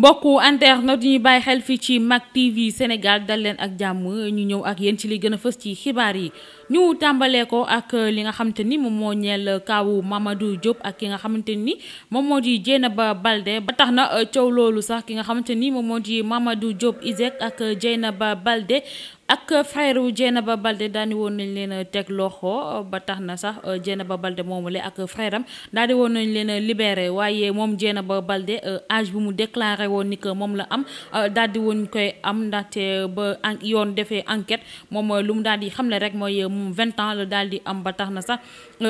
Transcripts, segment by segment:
mbokk mbokku internet ñuy bàyyi xel fii ci MAK TV Sénégal dal ak jàmm ñu ñëw ak yéen ci li gën a fës ci xibaar yi ñu tàmbalee ko ak li nga xamante ni moom moo ñeel kaawu Mamadou Diop ak ki nga xamante ni moom moo di ba Balde ba tax na coow loolu sax ki nga xamante ni moom moo di Mamadou Diop ISEG ak Dieynaba Balde ak frère ba Balde daani woon nañ leen a teg loxo ba tax na sax euh, ba Balde moomule ak frère dal di woon nañ leen a libéré waaye moom ba Balde euh, âge bu mu déclaré woon ni que moom la am euh, daal di woon koy am ndaxte ba yoon defee enquête moom lu mu daal di xamle rek mooy moom vingt ans la daal di am ba tax na sax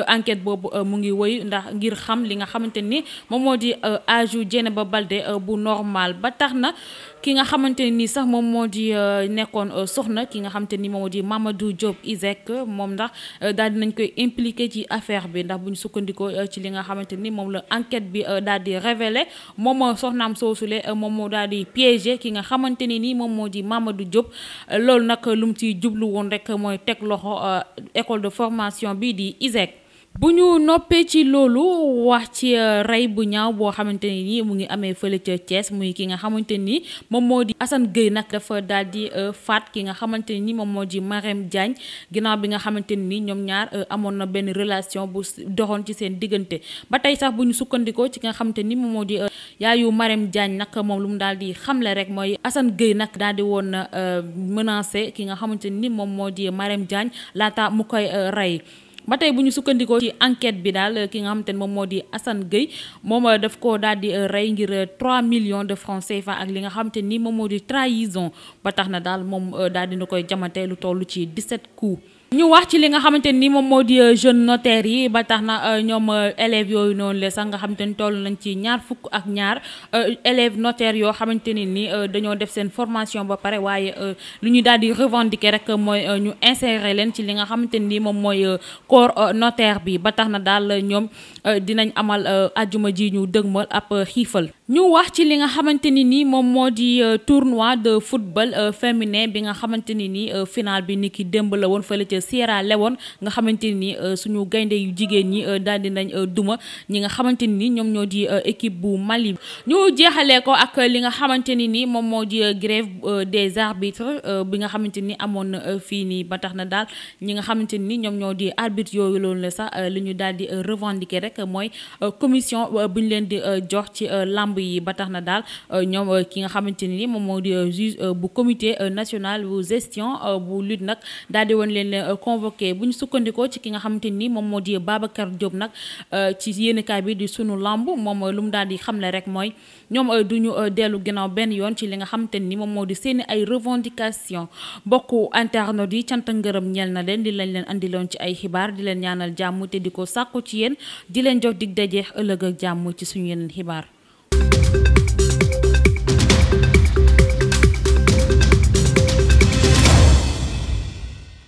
enquête boobu mu ngi woy ndax ngir xam li nga xamante ni moom moo di âge yu ba Balde bu normal ba tax na ki nga xamante ni sax moom moo di nekkoon soxna ki nga xam te ni moom di Mamadou Diop ISEC moom ndax euh, daal nañ koy impliqué ci affaire bi ndax bu ñu sukkandikoo euh, ci li nga xamante ni moom la enquête bi euh, daal di révélé moom soxnaam soosule moom moo daal di piégé ki nga xamante ni nii moom moo di Mamadou Diop loolu nag lu mu ci jublu woon rek mooy teg loxo école de formation bi di ISEC bu ñu noppee ci loolu wax ci euh, rey bu ñaaw boo xamante ne ni mu ngi amee fële ca Thiès muy ki nga xamante ni moom moo di Assane Gueye nag dafa daal di euh, faat ki nga xamante ne ni moom moo di Marème Diagne ginnaaw bi nga xamante ne ni ñoom ñaar euh, amoon na benn relation bu doxoon ci seen diggante ba tey sax bu ñu sukkandikoo ci nga xamante ni moom di yaayu Marème Diagne nag moom lu mu daal di xamle rek mooy Assane géey nag daal di woon menacé ki nga xamante nii moom moo di Marème Diagne laata mu koy rey. ba bu ñu sukkandiku ci enquête bi daal ki nga xamante ne moom moo di Assane Gueye moom euh, daf ko daal di euh, rey ngir 3 euh, millions de francs fa ak li nga xamante ni moom moo di trahison ba tax na daal moom daal dina koy jamante lu toll ci 17 coups ñu wax ci li nga xamante ni moom moo di euh, jeune notaire yi ba tax na euh, ñoom euh, élèves yooyu noonu la sax nga xamante ni toll nañ ci ñaar fukk ak ñaar élèves notaire yoo xamante ni ni dañoo def seen formation ba pare waaye lu ñu daal di revendiquer rek mooy ñu insérer leen ci li nga xamante ni moom mooy corps notaire bi ba tax na daal ñoom dinañ amal ajuma ji ñu dëgmal ab xiifal. ñu wax ci li nga xamante ni nii moom moo di euh, tournoi de football euh, féminin bi nga xamante ni nii euh, final bi ni ki démb la woon fële ca Sierra woon nga xamante nii suñu gaynde yu jigéen ñi daal di nañ duma ñi nga xamante ni nii ñoom ñoo di équipe bu mal Mali. ñu jeexalee ko ak li nga xamante ni nii moom moo di grève des arbitres bi nga xamante ni amoon na fii nii ba tax na daal ñi nga xamante nii ñoom ñoo di arbitre yooyu loolu la sax li ñu daal di revendiquer rek mooy commission bu leen di jox ci làmb yi ba tax na daal euh, ñoom euh, ki nga xamante nii moom moo di euh, juge bu comité national bu gestion bu lutte nag daal di woon leen convoqué bu ñu sukkandikoo ci ki nga xamante ni moom moo di Babacar Diop nag ci yéenekaay bi di sunu lamb moom lu mu daal di xamle rek mooy ñoom du ñu dellu ginnaaw benn yoon ci li nga xamante nii moom moo di seeni ay revendication bokku internautes yi canta ngërëm ñeel na leen di lañ leen andiloon ci ay xibaar di leen ñaanal jàmm te di ko sàkku ci yéen di leen jox di daje ëllëg ak jàmm ci suñu yeneen xibaar